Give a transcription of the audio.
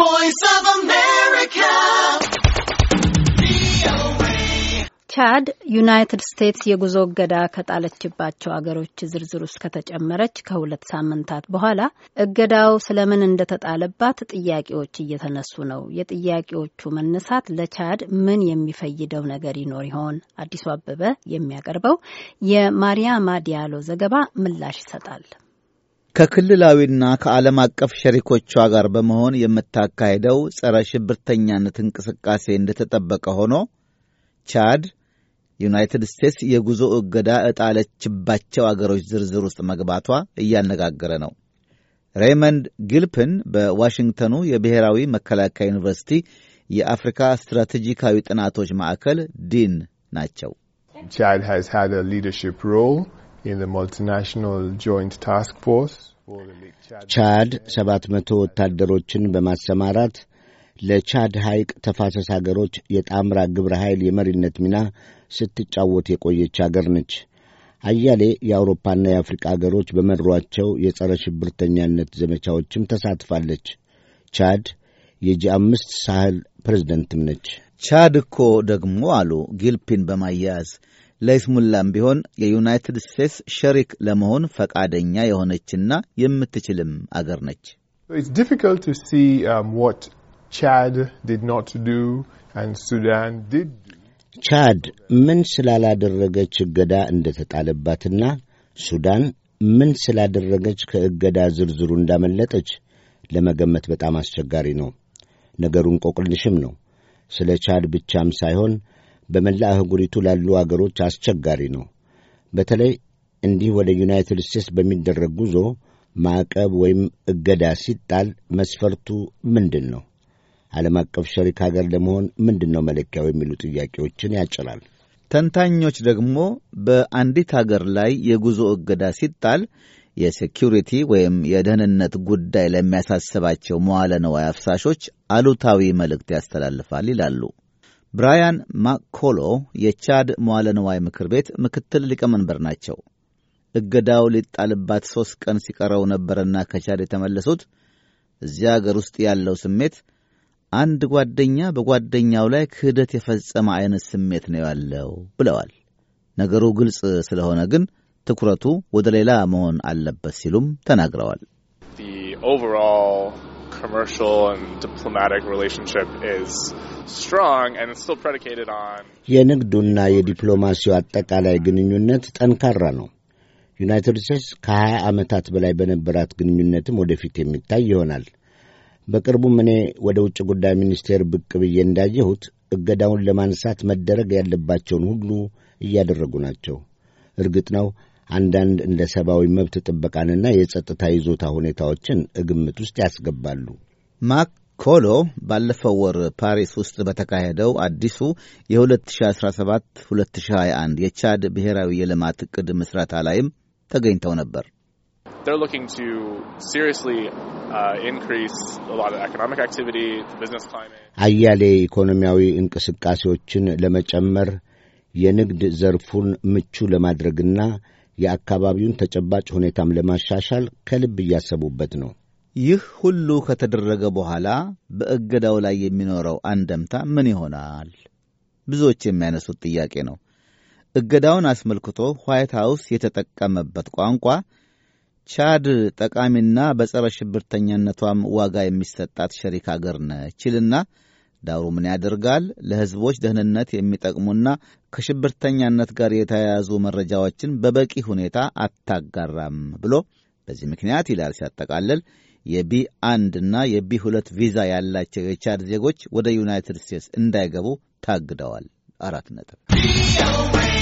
voice of America. ቻድ ዩናይትድ ስቴትስ የጉዞ እገዳ ከጣለችባቸው አገሮች ዝርዝር ውስጥ ከተጨመረች ከሁለት ሳምንታት በኋላ እገዳው ስለምን እንደተጣለባት ጥያቄዎች እየተነሱ ነው። የጥያቄዎቹ መነሳት ለቻድ ምን የሚፈይደው ነገር ይኖር ይሆን? አዲሱ አበበ የሚያቀርበው የማሪያማ ዲያሎ ዘገባ ምላሽ ይሰጣል። ከክልላዊና ከዓለም አቀፍ ሸሪኮቿ ጋር በመሆን የምታካሄደው ጸረ ሽብርተኛነት እንቅስቃሴ እንደተጠበቀ ሆኖ ቻድ ዩናይትድ ስቴትስ የጉዞ እገዳ እጣለችባቸው አገሮች ዝርዝር ውስጥ መግባቷ እያነጋገረ ነው። ሬይመንድ ጊልፕን በዋሽንግተኑ የብሔራዊ መከላከያ ዩኒቨርሲቲ የአፍሪካ ስትራቴጂካዊ ጥናቶች ማዕከል ዲን ናቸው። ቻድ ሃዝ ሃድ አ ሊደርሺፕ ሮል ቻድ ሰባት መቶ ወታደሮችን በማሰማራት ለቻድ ሐይቅ ተፋሰስ አገሮች የጣምራ ግብረ ኃይል የመሪነት ሚና ስትጫወት የቆየች አገር ነች። አያሌ የአውሮፓና የአፍሪቃ አገሮች በመሯቸው የጸረ ሽብርተኛነት ዘመቻዎችም ተሳትፋለች። ቻድ የጂ አምስት ሳህል ፕሬዝደንትም ነች። ቻድ እኮ ደግሞ አሉ ጊልፒን በማያያዝ ለይስሙላም ቢሆን የዩናይትድ ስቴትስ ሸሪክ ለመሆን ፈቃደኛ የሆነችና የምትችልም አገር ነች። um, ቻድ ምን ስላላደረገች እገዳ እንደተጣለባትና ሱዳን ምን ስላደረገች ከእገዳ ዝርዝሩ እንዳመለጠች ለመገመት በጣም አስቸጋሪ ነው። ነገሩን ቆቅልሽም ነው። ስለ ቻድ ብቻም ሳይሆን በመላ አህጉሪቱ ላሉ አገሮች አስቸጋሪ ነው። በተለይ እንዲህ ወደ ዩናይትድ ስቴትስ በሚደረግ ጉዞ ማዕቀብ ወይም እገዳ ሲጣል መስፈርቱ ምንድን ነው? ዓለም አቀፍ ሸሪክ ሀገር ለመሆን ምንድን ነው መለኪያው? የሚሉ ጥያቄዎችን ያጭራል። ተንታኞች ደግሞ በአንዲት ሀገር ላይ የጉዞ እገዳ ሲጣል የሴኪሪቲ ወይም የደህንነት ጉዳይ ለሚያሳስባቸው መዋለ ነዋይ አፍሳሾች አሉታዊ መልእክት ያስተላልፋል ይላሉ። ብራያን ማኮሎ የቻድ መዋለንዋይ ምክር ቤት ምክትል ሊቀመንበር ናቸው። እገዳው ሊጣልባት ሦስት ቀን ሲቀረው ነበርና ከቻድ የተመለሱት። እዚያ አገር ውስጥ ያለው ስሜት አንድ ጓደኛ በጓደኛው ላይ ክህደት የፈጸመ አይነት ስሜት ነው ያለው ብለዋል። ነገሩ ግልጽ ስለሆነ ግን ትኩረቱ ወደ ሌላ መሆን አለበት ሲሉም ተናግረዋል። commercial and diplomatic relationship is strong and it's still predicated on የንግዱና የዲፕሎማሲው አጠቃላይ ግንኙነት ጠንካራ ነው። ዩናይትድ ስቴትስ ከ20 ዓመታት በላይ በነበራት ግንኙነትም ወደፊት የሚታይ ይሆናል። በቅርቡም እኔ ወደ ውጭ ጉዳይ ሚኒስቴር ብቅ ብዬ እንዳየሁት እገዳውን ለማንሳት መደረግ ያለባቸውን ሁሉ እያደረጉ ናቸው። እርግጥ ነው አንዳንድ እንደ ሰብአዊ መብት ጥበቃንና የጸጥታ ይዞታ ሁኔታዎችን ግምት ውስጥ ያስገባሉ። ማክ ኮሎ ባለፈው ወር ፓሪስ ውስጥ በተካሄደው አዲሱ የ2017-2021 የቻድ ብሔራዊ የልማት ዕቅድ ምስረታ ላይም ተገኝተው ነበር። uh, አያሌ ኢኮኖሚያዊ እንቅስቃሴዎችን ለመጨመር የንግድ ዘርፉን ምቹ ለማድረግና የአካባቢውን ተጨባጭ ሁኔታም ለማሻሻል ከልብ እያሰቡበት ነው። ይህ ሁሉ ከተደረገ በኋላ በእገዳው ላይ የሚኖረው አንደምታ ምን ይሆናል? ብዙዎች የሚያነሱት ጥያቄ ነው። እገዳውን አስመልክቶ ዋይት ሃውስ የተጠቀመበት ቋንቋ ቻድ ጠቃሚና በጸረ ሽብርተኛነቷም ዋጋ የሚሰጣት ሸሪክ አገር ነችልና ዳሩ ምን ያደርጋል ለሕዝቦች ደህንነት የሚጠቅሙና ከሽብርተኛነት ጋር የተያያዙ መረጃዎችን በበቂ ሁኔታ አታጋራም ብሎ በዚህ ምክንያት ይላል ሲያጠቃልል የቢ አንድ እና የቢ ሁለት ቪዛ ያላቸው የቻድ ዜጎች ወደ ዩናይትድ ስቴትስ እንዳይገቡ ታግደዋል። አራት ነጥብ